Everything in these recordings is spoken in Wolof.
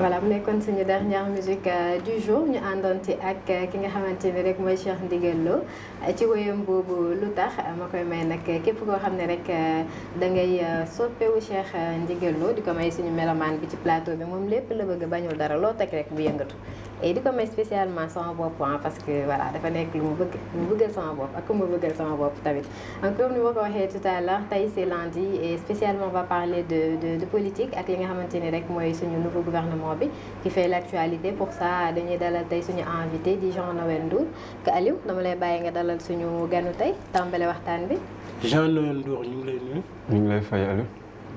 voilà mu nekkoon suñu dernière musique euh, du jour ñu àndoonti ak euh, ki nga xamante ni rek mooy Cheikh Ndiguel Lo euh, ci wéyam boobu lu tax ma koy may nag képp koo xam ne rek da ngay wu Cheikh Ndiguel Lo di ko may suñu melomaan bi ci plateau bi moom lépp la bëgg bañul dara loo teg rek bu yëngatu et di ko may spécialement sama bopp parce que voilà dafa nekk lu mu bëgg lu mu bëggal sama bopp ak ku mu bëggal sama bopp tamit donc comme ni ma ko waxee tout à l'heure tey c'est lundi et spécialement on va parler de de, de politique ak li nga xamante ni rek mooy suñu nouveau gouvernement bi qui fait l'actualité pour ça dañuy dalal tey suñu invité di Jean Noël Ndour que Aliou dama lay bàyyi nga dalal suñu ganu tey tàmbale waxtaan bi Jean Noël Ndour ñu lay nuyu ñu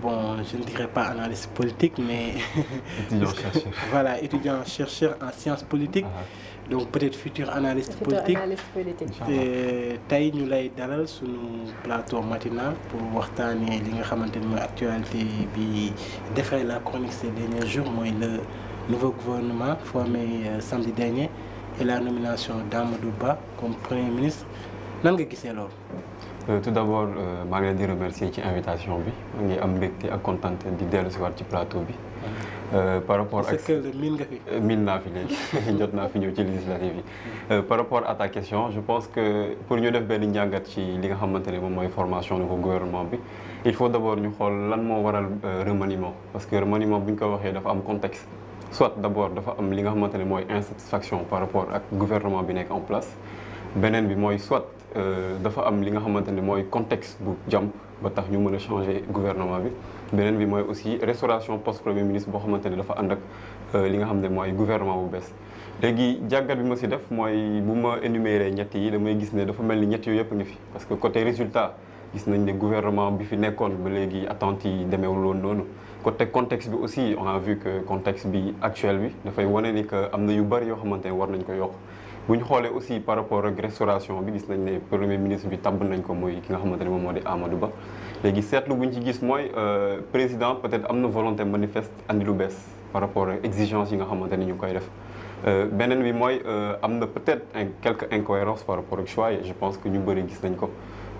bon, je ne dirais pas analyste politique, mais étudiant chercheur. voilà, étudiant chercheur en sciences politiques. Uh ah. -huh. Donc peut-être futur analyse futur politique. Analyste politique. tey ñu lay dalal suñu plateau matinal pour waxtaanee li nga xamante ni mooy actualité bi defee la chronique ces derniers jours mooy le nouveau gouvernement formé euh, samedi dernier et la nomination d'Amadou Ba comme premier ministre nan nga gisee loolu. Euh, tout d'abord euh, maa ngi leen di remercier ci invitation bi maa ngi am mbégte ak kontante di dellu si ci plateau bi. Euh, par rapport ak miin nga fi. miin naa fi léegi jot naa fi ñëw ci législative yi. par rapport à ta question je pense que pour ñu def benn njàngat ci li nga xamante ne moom mooy formation ko gouvernement bi il faut d'abord ñu xool lan moo waral remaniement parce que remaniement bu ñu koy waxee dafa am contexte. soit d'abord dafa am li nga xamante ne mooy insatisfaction par rapport ak gouvernement bi nekk en place beneen bi soit. Euh, dafa am li nga xamante ne mooy contexte bu jàmp ba tax ñu mën a changer gouvernement bi beneen bi mooy aussi restauration poste premier ministre boo xamante ne dafa ànd ak euh, li nga xam ne mooy gouvernement bu bees léegi jàngat bi ma si def mooy bu ma énuméré ñett yi damay gis ne dafa mel ni ñett yooyu yëpp ngi fi parce que côté résultat gis nañ ne gouvernement bi fi nekkoon ba léegi attentes yi demeewul woon noonu côté contexte bi aussi on a vu que contexte bi actuel bi dafay wane ni que am na yu bari yoo xamante ne war nañ ko yokk bu ñu xoolee aussi par rapport ak restauration bi gis nañ ne premier ministre bi tabb nañ ko mooy ki nga xamante ne moo di Amadou Ba léegi seetlu bu ñu ci gis mooy euh, président peut-être am na volonté manifeste andi lu bees par rapport ak exigence yi nga xamante ni ñu koy def. Euh, beneen bi mooy euh, am na peut-être quelque incohérence par rapport ak choix je pense que ñu bëri gis nañ ko.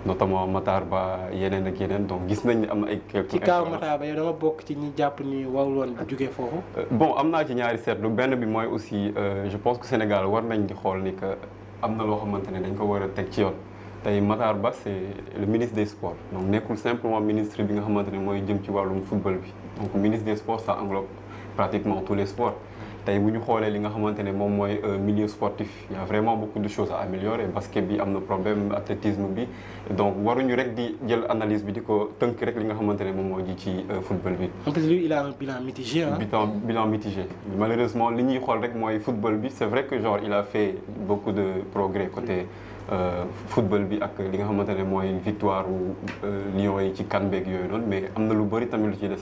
notamment Matar Ba yeneen ak yeneen donc gis nañ ne am na ay. ci kaaw Matar Ba yow dama bokk ci ñi jàpp ni warul woon jóge euh, bon am naa ci ñaari seetlu benn bi mooy aussi euh, je pense Sénégal war nañ di xool ni que am na loo xamante ne dañ ko war a teg ci yoon tey Matar Ba c' le ministre des sports donc nekkul simplement ministre bi nga xamante ne mooy jëm ci wàllum football bi donc ministre des sports ça englobe pratiquement tous les sports. tey bu ñu xoolee li nga xamante ne moom mooy euh, milieu sportif il y a vraiment beaucoup de choses à améliorer basket bi am na problème athlétisme bi donc waruñu rek di jël analyse bi di ko tënk rek li nga xamante ne moom moo ji ci euh, football bi. en plus lui il a un bilan mitigé malheureusement li ñuy xool rek mooy football bi c'est vrai que genre il a fait beaucoup de progrès côté. Euh, football bi ak li nga xamante ne mooy victoire euh, Lions yi ci kan yooyu noonu mais am na lu bëri tamit lu ci des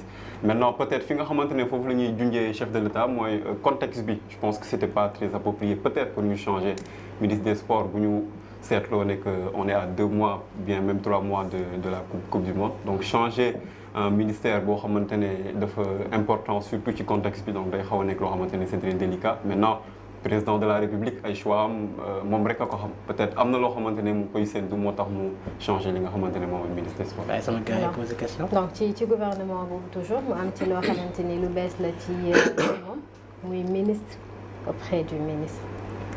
maintenant peut-être fi nga xamante ne foofu la ñuy junjee chef de l'État mooy euh, contexte bi je pense que c'était pas très approprié peut-être pour ñu changer ministre des sports bu ñu seetloo ne que on est à deux mois bien même trois mois de de la coupe du monde donc changer un ministère boo xamante ne dafa important surtout ci contexte bi donc day xaw a nekk loo xamante ne c'est très délicat maintenant. président de la république ay choix am euh, moom rek a ko xam peut-être am na loo xamante ne mu koy séntu moo tax mu changé li nga xamante ne moom mooy ministre des sports. waaye sama gars yi donc ci ci gouvernement boobu toujours mu am ci loo xamante ni lu bees la ci euh, muy ministre auprès du ministre.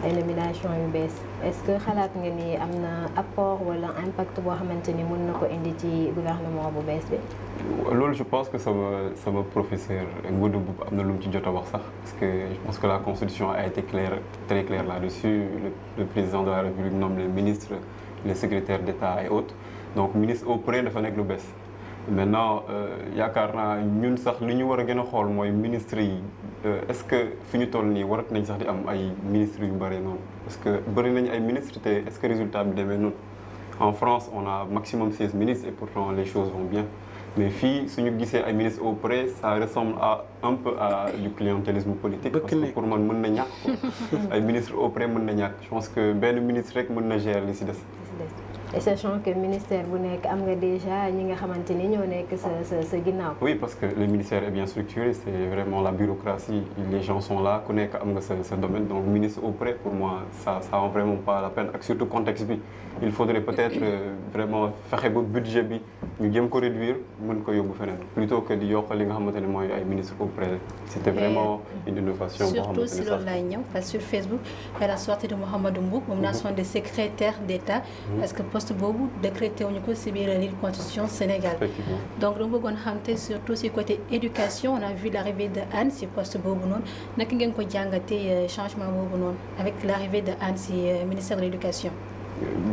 élimination yu bees est-ce que xalaat nga ni am na apport wala impact boo xamante ni mën na ko indi ci gouvernement bu bees bi. loolu je pense que sama sama professeur Ngouda Mboup am na lu mu ci jot a wax sax parce que je que la constitution a été claire là-dessus le, le président de la République nomme les ministre les secrétaires d'État et autres donc ministre au point dafa nekk lu bees. maintenant euh, yaakaar naa ñun sax li ñu war a gën a xool mooy ministre yi euh, est-ce que fi ñu toll nii warat nañ sax di am ay ministres yu bëri noonu parce que bëri nañ ay ministres te est-ce que résultat bi demee noonu en France on a maximum seize ministres et pourtant les choses vont bien mais fii suñu gisee ay ministres auprès ça ressemble à un peu à du clientélisme politique parce que pour man mën na ñàkk ay au auprès mën na ñàkk je pense que benn ministre rek mën na gérer li si des sachant que ministère bu nekk am nga déjà ñi nga xamante ni ñoo nekk sa sa sa ginnaaw. oui parce que le ministère est bien structuré c' est vraiment la bureaucratie les gens sont là ku nekk am nga sa sa domaine donc ministre auprès pour moi ça ça vaut vraiment pas la peine ak surtout contexte bi il faudrait peut-être euh, vraiment fexe ba budget bi. ñu jëm ko réduire mën ko yóbbu feneen plutôt que di yokk li nga xamante ne mooy ay ministre ou président c'était vraiment surtout si loolu laay ñëw parce que sur Facebook à la sortie de Mouhamadou Mbouck nomination mm-hmm. de secrétaire d'État. Mm-hmm. parce que poste boobu décrété ñu ko si biir lii constitution Sénégal. donc dama bëggoon xam te surtout si coté éducation on a vu l'arrivée de Anne si poste boobu noonu naka ngeen ko jàngatee euh, changement boobu noonu avec l'arrivée de Anne si euh, ministère de l'éducation.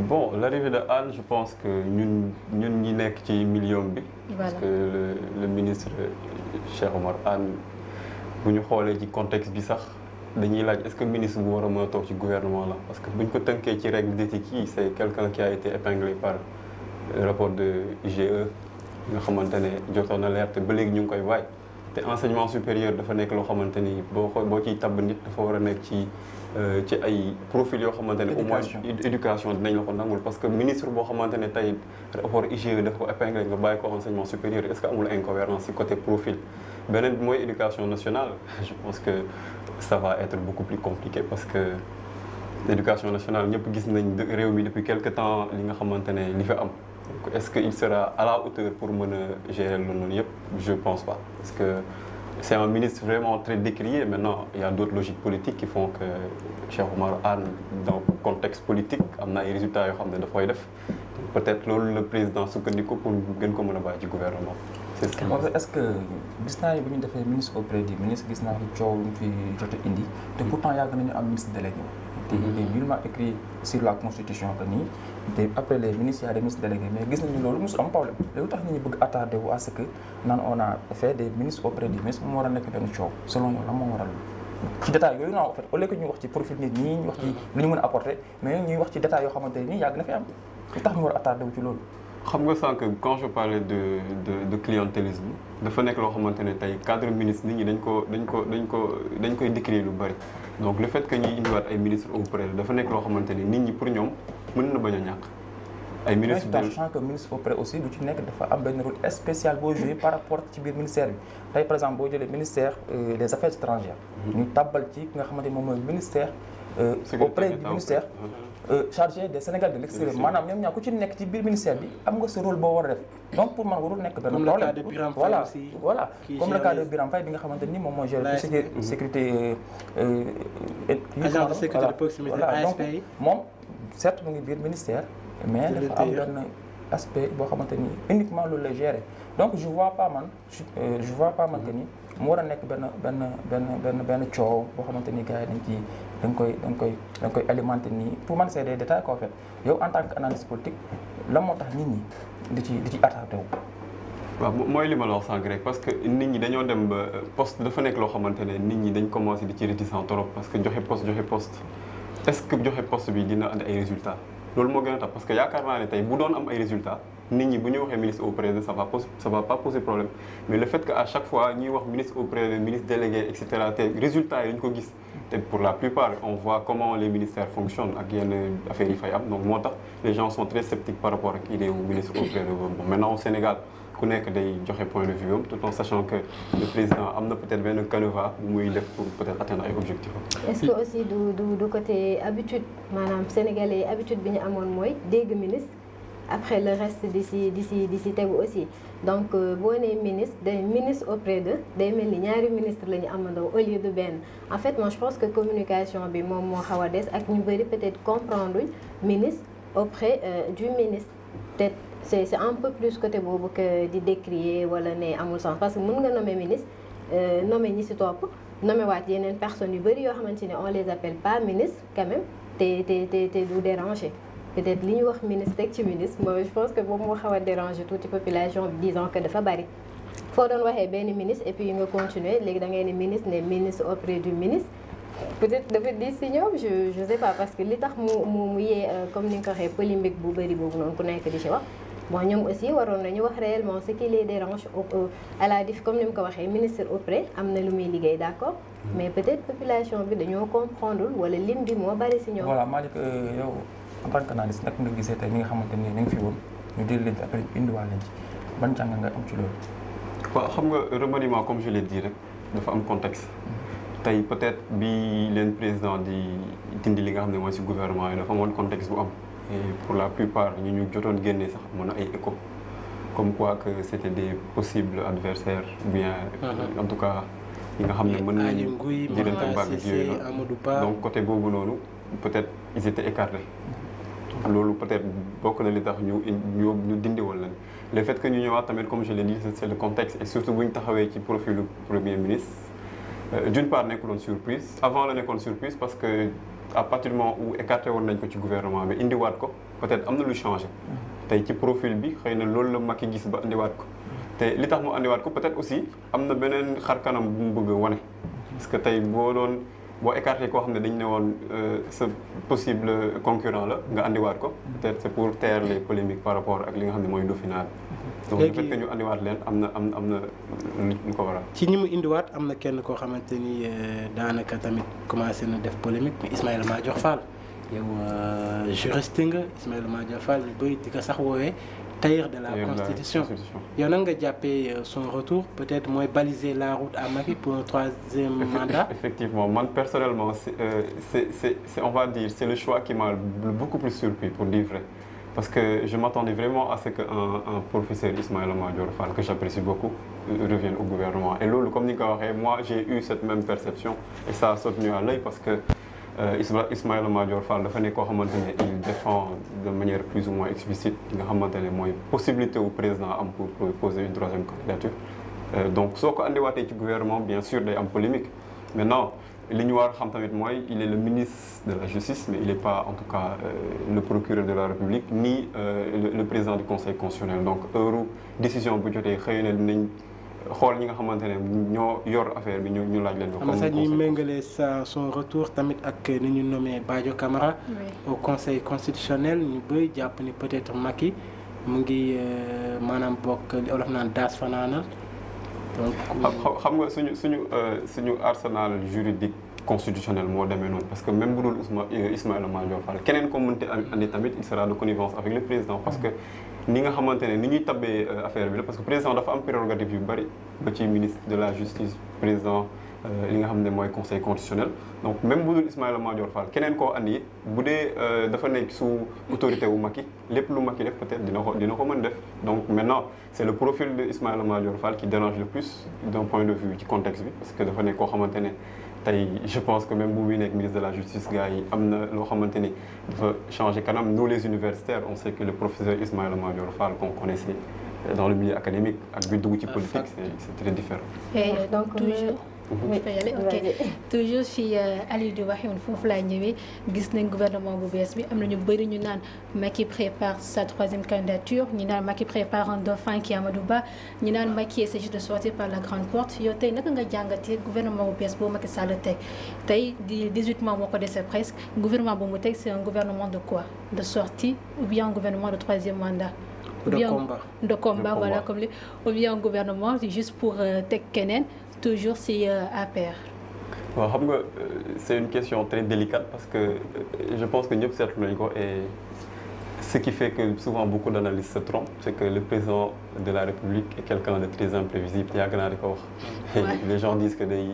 bon l'arrivée de Anne je pense que ñun ñun ñi nekk ci million bi. parce que le le ministre Cheikh Omar Anne bu ñu xoolee ci contexte bi sax dañuy laaj est-ce que ministre bu war a mën a toog ci gouvernement la parce que bu ñu ko tënkee ci règle d'éthique yi c'est quelqu'un qui a été épinglé par rapport de IGE nga xamante ne jotoon na leer te ba léegi ñu ngi koy waaj. te enseignement supérieur dafa nekk loo xamante ni boo ko boo ciy tab nit dafa war a nekk ci euh, ci ay profil yoo xamante ne au moins éducation dinañ la nangul parce que ministre boo xamante ne tey rapport IGE daf ko épinglé nga bàyyi ko enseignement supérieur est-ce que amul incohérence ci côté profil beneen bi mooy éducation nationale je pense que ça parce que éducation nationale ñëpp gis nañ réew mi depuis quelque temps li nga xamante ne li fi am donc est-ce que il sera à la hauteur pour mën a gérer loolu noonu yëpp je pense pas parce que c'est un ministre vraiment très décrié maintenant il y a d'autres logiques politiques qui font que Cheikh Oumar Anne dans le contexte politique am na ay résultats yoo xam ne daf koy def peut-être loolu le président sukkandiku pour gën ko mën a bàyyi ci gouvernement c'est ce que gis naa ne bu ñu defee ministre auprès du ministre gis naa ne ñu fi jot a indi te pourtant yàgg nañu am ministre délégué te il est nullement écrit sur la constitution que nii te après les ministres y a des ministres délégués mais gis nañu loolu mosul am problème lu tax nit ñi bëgg attardé wu à que naan on a fait des ministres auprès du ministre mu war a nekk benn coow selon yow la moo waral ci détail yooyu noonu en fait au lieu ñu wax ci profil nit ñu wax ci li ñu mën a mais ñuy wax ci détail yoo xamante nii yàgg na fi am lu tax ñu war a ci loolu xam nga sànq quand je parlais de de clientélisme dafa nekk loo xamante ne tey cadre ministre nit ñi dañ ko dañ ko dañ ko dañ koy décrier lu bari donc le fait que ñuy indiwaat ay ministre auprès dafa nekk loo xamante ne nit ñi pour ñoom mën na bañ a ñàkk. ay ministres de sachant que ministre auprès aussi du ci nekk dafa am benn rôle spécial boo joué par rapport ci biir ministère bi tey par exemple boo jëlee ministère euh, des affaires étrangères. Mm-hmm. ñu tàbbal ci ki nga xamante moom mooy ministère. Euh, auprès du ministère euh, chargé des Sénégal de l'extérieur maanaam ñoom ñaar ku nekk ci biir ministère bi am nga sa rôle a def donc pour man warul nekk benn problème voilà de Biram Faye bi nga xamante ni moom mooy gérer tout ce qui est sécurité euh, agent de sécurité de proximité donc moom certes mu ngi ministère mais dafa am aspect boo xamante ni uniquement loolu lay gérer donc je vois pas man je ni mu war a nekk benn benn benn benn benn coow boo xamante ni gars yi dañ koy dañ koy dañ koy alimenté nii pour man c'est des détails quoi en fait yow en tant que analyste politique lan moo tax nit ñi di ci di ci attardé wu. waaw mooy li ma la parce que nit ñi dañoo dem ba euh, poste dafa nekk loo xamante ne nit ñi dañ commencé di ci réticent trop parce que joxe poste joxe poste est-ce que joxe poste bi dina andi ay résultats loolu moo gën a tax parce que yaakaar naa ne tey bu doon am ay résultats. nit ñi bu ñu waxee ministre auprès de ça va pas ça va pas poser problème mais le fait que à chaque fois ñuy wax ministre auprès de ministre délégué et résultat yi dañu ko la plupart on voit comment les ministères fonctionnent ak yenn affaires yi fay am donc moo les gens sont très sceptiques par rapport ak idée wu ministre auprès de bon maintenant au Sénégal ku nekk day que le président am na peut-être benn canevas bu muy def pour peut-être atteindre mooy après le reste di si di si di si tegu aussi donc euh, boo nee ministre des ministres auprès de day mel ni ñaari ministre la ñu amandoo au lieu de benn en fait moi je pense que communication bi moom moo xaw a des ak ñu bëri peut-être comprendre ministre auprès euh, du ministre peut-être c'est c'est un peu plus côté boobu que di décrier wala ne amul sens parce que mun nga nommer ministre euh, nommer ñi si topp nome waat yeneen personne yu bëri yoo xamante ne on les appelle par ministre quand même te te te te peut-être li ñu wax ministre ak ci ministre mooy je pense que moom moo xaw a déranger tuuti population bi disant que dafa bari foo doon waxee benn ministre et puis nga continuer léegi da ngay ne ministre ne ministre auprès du ministre peut dafa di si ñoom je je pas parce que li tax mu mu mu yee euh, comme ni nga ko waxee polémique bu bëri boobu noonu ku nekk di ci wax bon ñoom aussi waroon nañu wax réellement ce qui les dérange à la dif comme ni mu ko waxee ministre auprès am na lu muy liggéey d'accord mm-hmm. mais peut-être population bi dañoo comprendre wala lim bi moo bari si ñoom. voilà Malick euh, en tant que analyste nag nga gisee tey ñi nga xamante ni nga fi woon ñu jël leen ci après indiwaat leen ci ban jàng nga am ci loolu. waaw xam nga remaniement comme je l'ai dit rek dafa am contexte. tey peut-être bi leen président di dindi li nga xam ne mooy si gouvernement yi dafa amoon contexte bu am. et pour la plupart ñu ñu jotoon génnee sax mën na ay éco comme quoi que c'était des possibles adversaires bien. Mm-hmm. en tout cas ñi nga xam ne mën nañu. di leen teg bàgg yooyu donc côté boobu noonu peut-être ils étaient écartés. loolu peut bokk na li tax ñu ñu ñu dindi leen le fait que ñu ñëwaat tamit comme je l'ai dit c'est le contexte et surtout bu ñu taxawee ci profilu premier ministre euh, d'une part nekkuloon surprise avant la nekkoon surprise parce que à partir du woon nañ ko ci gouvernement bi indiwaat ko peut-être am na lu changé tey ci profil bi xëy na loolu la Macky gis ba indiwaat ko te li tax mu indiwaat ko peut-être aussi am na beneen xar kanam bu mu bëgg a parce que tey boo boo écarté koo xam ne dañ ne woon euh, sa possible concurrent la nga andiwaat ko. peut pour taire les polémiques par rapport ak li nga xam ne mooy Dauphiné donc le fait que ñu andiwaat leen am na am am na ko waral. ci ñi mu indiwaat am na kenn koo xamante ni euh, daanaka tamit commencé na def polémique mais Ismaïla Madior Fall yow euh, juriste nga Ismaïla Madior Fall yu bëri di sax woowee tailleur de la constitution yow nan nga jàppee euh, son retour peut-être mooy baliser la route à Macky pour un mandat man personnellement c'est euh, c'est le choix qui m'a beaucoup plus surpris pour dire vrai parce que je m'attendais vraiment à ce un professeur Ismaïla Madior Fall que j'apprécie beaucoup revienne au gouvernement et loolu comme ni waxee moi j'ai eu cette même perception et ça a soutenu à l'œil parce que Euh, Ismaïla Madior Fall dafa nekk koo xamante ne il défend de manière plus ou moins explicite li nga xamante ne mooy possibilité wu président am pour proposer une troisième candidature euh, donc soo ko andiwaatee ci gouvernement bien sûr day am polémique maintenant li ñu war xam tamit mooy il est le ministre de la justice mais il est pas en tout cas euh, le procureur de la république ni le président du conseil constitutionnel donc heure décision bu jotee xëy na dinañ xool ñi nga xamante ne ñoo yor affaire bi ñu ñu laaj leen. comme conseil am ñuy méngale sa son retour tamit ak ni ñu nomee Badio Camara. au conseil constitutionnel ñu bëri jàpp ni peut-être Macky mu ngi euh, maanaam bokk li olof naan daas fanaanal donc. xam nga suñu suñu euh, suñu arsenal juridique. constitutionnel moo demee noonu parce que même bu dul euh, Ismaïla Madior Fall keneen ko mënti andi tamit il euh, am prérogative euh, mooy conseil constitutionnel donc même bu dul Ismaïla Madior Fall keneen lépp lu Macky def peut-être dina ko dina ko mën def donc maintenant c'est le profil de Ismaïla Madior Fall qui dérange le plus d'un point de vue ci contexte bi parce que dafa nekk koo xamante ne tey je pense que même bu muy nekk ministre de la justice gars yi am na loo xamante ni dafa changer kanam nous les universitaires on sait que le professeur Ismaïla Madior Fall qu'on connaissait dans le milieu académique ak bi dugg ci euh, politique c'est très différent. Et donc toujours euh, muy fayale ok toujours fi euh, Aliou di waxee woon foofu laa ñëwee gis nañ gouvernement bu bees bi am na ñu bëri ñu naan Macky prépare sa troisième candidature ñu naan Macky prépare un dauphin ki Amadou Ba ñu naan Macky essaie juste grande porte yow tey naka nga jàngatee gouvernement bu bees boo Macky Sall teg tey di 18 mois moo ko dese presque gouvernement bu mu teg c'est un gouvernement de quoi de sortie ou bien un gouvernement de troisième mandat toujours si APR. Euh, waaw xam nga euh, c'est une question très délicate parce que euh, je pense que ñëpp seetlu nañu ko et ce qui fait que souvent beaucoup d'analystes se trompent c'est que le président de la République est quelqu'un de très imprévisible yàgg naa di ko wax. les gens disent que day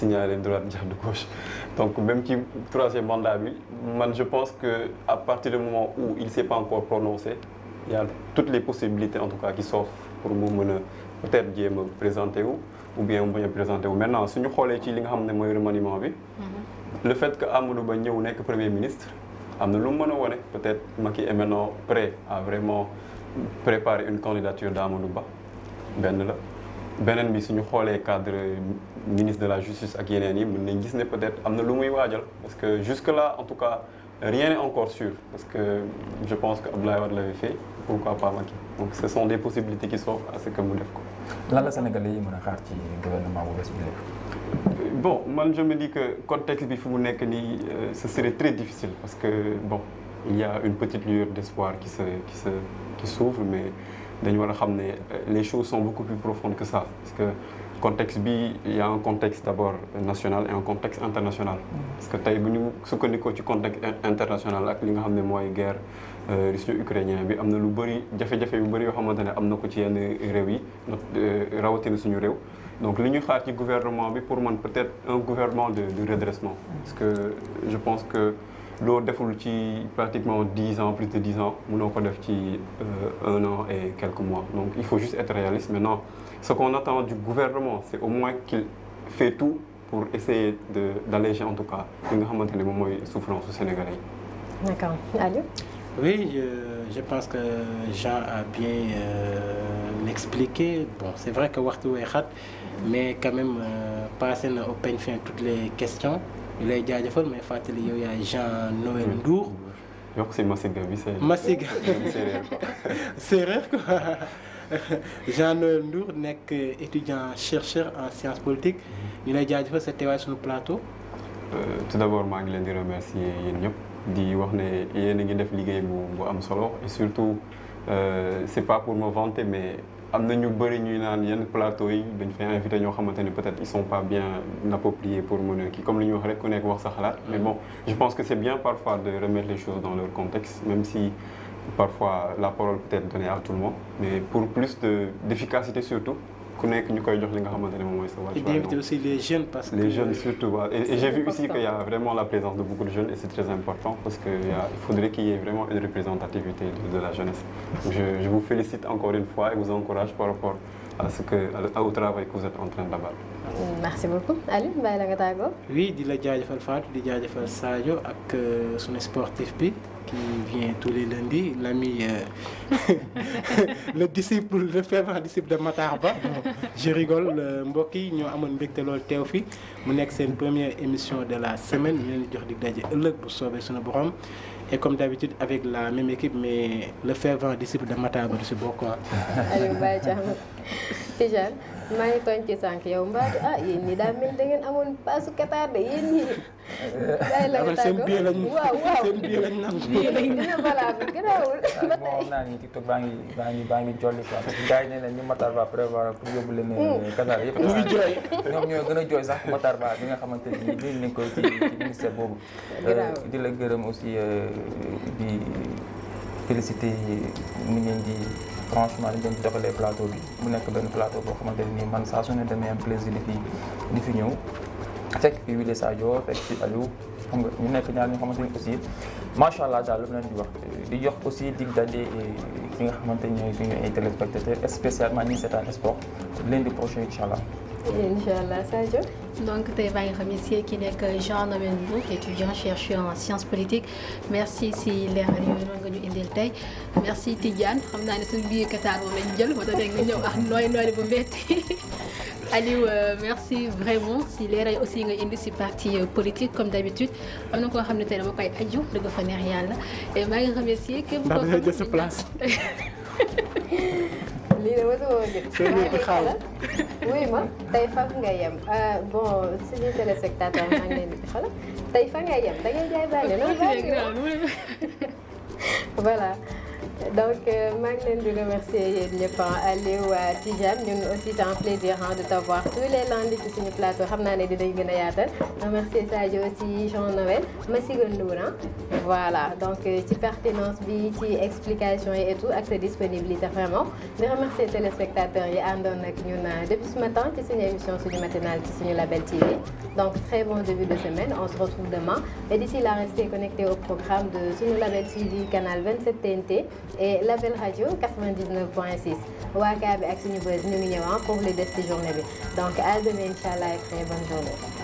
signaler droite jaar de gauche donc même ci troisième mandat bi man je pense que à partir du moment où il s'est pas encore prononcé il y a toutes les possibilités en tout cas qui s'offrent pour mu mën a peut-être jéem a présenter wu. ou bien mu bañ a présenté wu maintenant suñu xoolee ci li nga xam ne mooy remaniement bi mhm. le fait que Amadou Ba ñëw nekk premier ministre am na lu mu mën a wone peut-être Macky est maintenant prêt à vraiment préparer une candidature d'Amadou Ba benn la beneen bi suñu xoolee cadre ministre de la justice ak yeneen yi mun nañ gis ne peut-être am na lu muy waajal parce que jusque-là en tout cas rien n'est encore sûr parce que je pense que Abdoulaye Wade l'avait fait pourquoi pas des possibilités qui s'offrent à ce mu def ko lan la Sénégalais yi mën a xaar ci gouvernement bu bees bi léegi. man je me dis que contexte bi fi mu nekk nii euh, ce serait très difficile parce que bon il y a une petite lueur d'espoir qui se qui s'ouvre mais dañu war a xam ne euh, les choses sont beaucoup plus profondes que ça parce que contexte bi il y a un contexte d'abord national et un contexte international. Mm. parce que tey bu ñu sukkandikoo ci contexte international ak li nga xam ne mooy guerre. Euh, russe ukrainien bi am na lu bëri jafe-jafe yu bëri yoo xamante ne am na ko ci yenn réew yi euh, rawatina suñu réew donc li ñuy xaar ci gouvernement bi pour man peut-être un gouvernement de de redressement parce que je pense que loo deful ci pratiquement dix ans plus de dix ans mënoo ko def ci euh, un an et quelques mois donc il faut juste être réaliste maintenant ce qu'on attend du gouvernement c'est au moins qu'il fait tout pour essayer de d'alléger en tout cas li nga xamante ne moom mooy souffrance su Sénégalais yi. Oui, je, pense que Jean a bien euh, expliqué. Bon, c'est vrai que Wartou est rat, mais quand même, euh, na au peigne fin toutes les questions. Il a déjà fait, mais Fatel, il y a Jean-Noël Ndour. Je crois c'est Massé Gabi, c'est. Massé C'est rare, quoi. Jean-Noël Ndour, nekk étudiant chercheur en sciences politiques. Mhm. ñu lay jaajëfal sa teewaay suñu plateau. Euh, tout d'abord maa ngi leen di remercier yéen ñëpp. di wax ne yéen a ngi def liggéey bu bu am solo et surtout euh, c'est pas pour me vanter mais am na ñu bëri ñuy naan yenn plateau yi dañ fay invité ñoo xamante ne peut-être ils sont pas bien appropriés pour mën a comme li ñu wax rek ku nekk wax sa xalaat. mais bon je pense que c'est bien parfois de remettre les choses dans leur contexte même si parfois la parole peut être donnée à tout le monde mais pour plus de d'efficacité surtout. ku nekk ñu koy jox li nga xamante ne moom mooy sa wàccuwaay. et aussi les jeunes parce que. les jeunes surtout waaw et j'ai vu aussi que y' a vraiment la présence de beaucoup de jeunes et c' est très important parce que y' a il faudrait qu'il y ait vraiment une représentativité de, de la jeunesse. je je vous félicite encore une fois et vous encourage par rapport. à ce que au travail que vous êtes en train d'abattre. merci beaucoup Aliou bàyyi nga tàggoo. oui di la jaajëfal Fatou di jaajëfal Sadio ak euh, suñu sportif bi qui vient tous les lundis l'ami euh, le disciple le fervent disciple de Matar Ba je rigole euh, mbokk yi ñoo amoon mbégte lool teew fi mu nekk seen première émission de la semaine ñu leen jox di daje ëllëg bu soobee suñu borom. et comme d'habitude avec la même équipe mais le fervent disciple de Matar Ba du si bokk Aliou Ba Thiam Tijane maa ngi ci sànq yow Mbadou ah ñii daa mel da ngeen amoon paasu de yéen ñii. la nga tàggoo waaw waaw ah, ba ni TikTok baa ngi baa ngi baa ngi jolli quoi parce que gars yi nee na ñu Matar Ba prévoir pour yóbbu leen mm. euh, Qatar yëpp. mu ngi jooy ñoom ñoo gën a sax Matar Ba bi nga xamante ni nii nañ ko ci ci ministère boobu. Euh, di la gërëm aussi euh, di. félicité ni ngeen di franchement ni ngeen di doxalee plateau bi mu nekk benn plateau boo xamante ne nii man saa su ne damay am plaisir di fi di fi ñëw fekk fi Willy Sadio fekk fi Aliou ñu nekk ñaar ñoo xamante ni aussi macha allah daal lu mu leen di wax di jox aussi dig daje ki nga xamante ni ñooy suñu ay téléspectateurs spécialement ñi seetaan sport lundi prochain incha allah. incha allah Sadio. donc tey maa ngi xam si ki nekk Jean Noël Mboup étudiant chercheur en sciences politiques merci si leeral yooyu noonu nga ñu indil tey merci Tidiane xam naa ne suñu biir Qatar moom lañ jël moo tax rek nga ñëw ak nooy nooy bu metti Aliou euh, merci vraiment si leeral aussi nga indi si parti euh, politique comme d'habitude am na koo xam ne tey dama koy aju dëgg fa neex yàlla maa ngi remercier képp koo xam ne ndax place. lii de mosuma woon gis. soo ñëwee di xaar ma tey fan nga yem bon suñu téléspectateur maa ngi leen di xala tey fan nga yem da ngay jaay bàyyi la loolu voilà. donc euh, maa ngi leen di remercier yéen ñëpp ah, Aliou ah, Tidiane ñun aussi c'est un ah, de t'avoir tous les lundis ci suñu plateau xam naa ne dinañ gën a yaatal remercier Sadio aussi Jean-Noël Massiga Ndour voilà donc euh, ci pertinence bi ci explication yi et tout ak sa disponibilité vraiment di remercier téléspectateurs yi àndoon ak ñun depuis ce matin ci suñu émission suñu matinale ci suñu Label TV donc très bon début de semaine on se retrouve demain et et Label Radio 99.6 waa Kabi ak Senubuzz ñu ngi ñëw ah, pour le des ci journée bi donc à demain inchallah et très bonne journée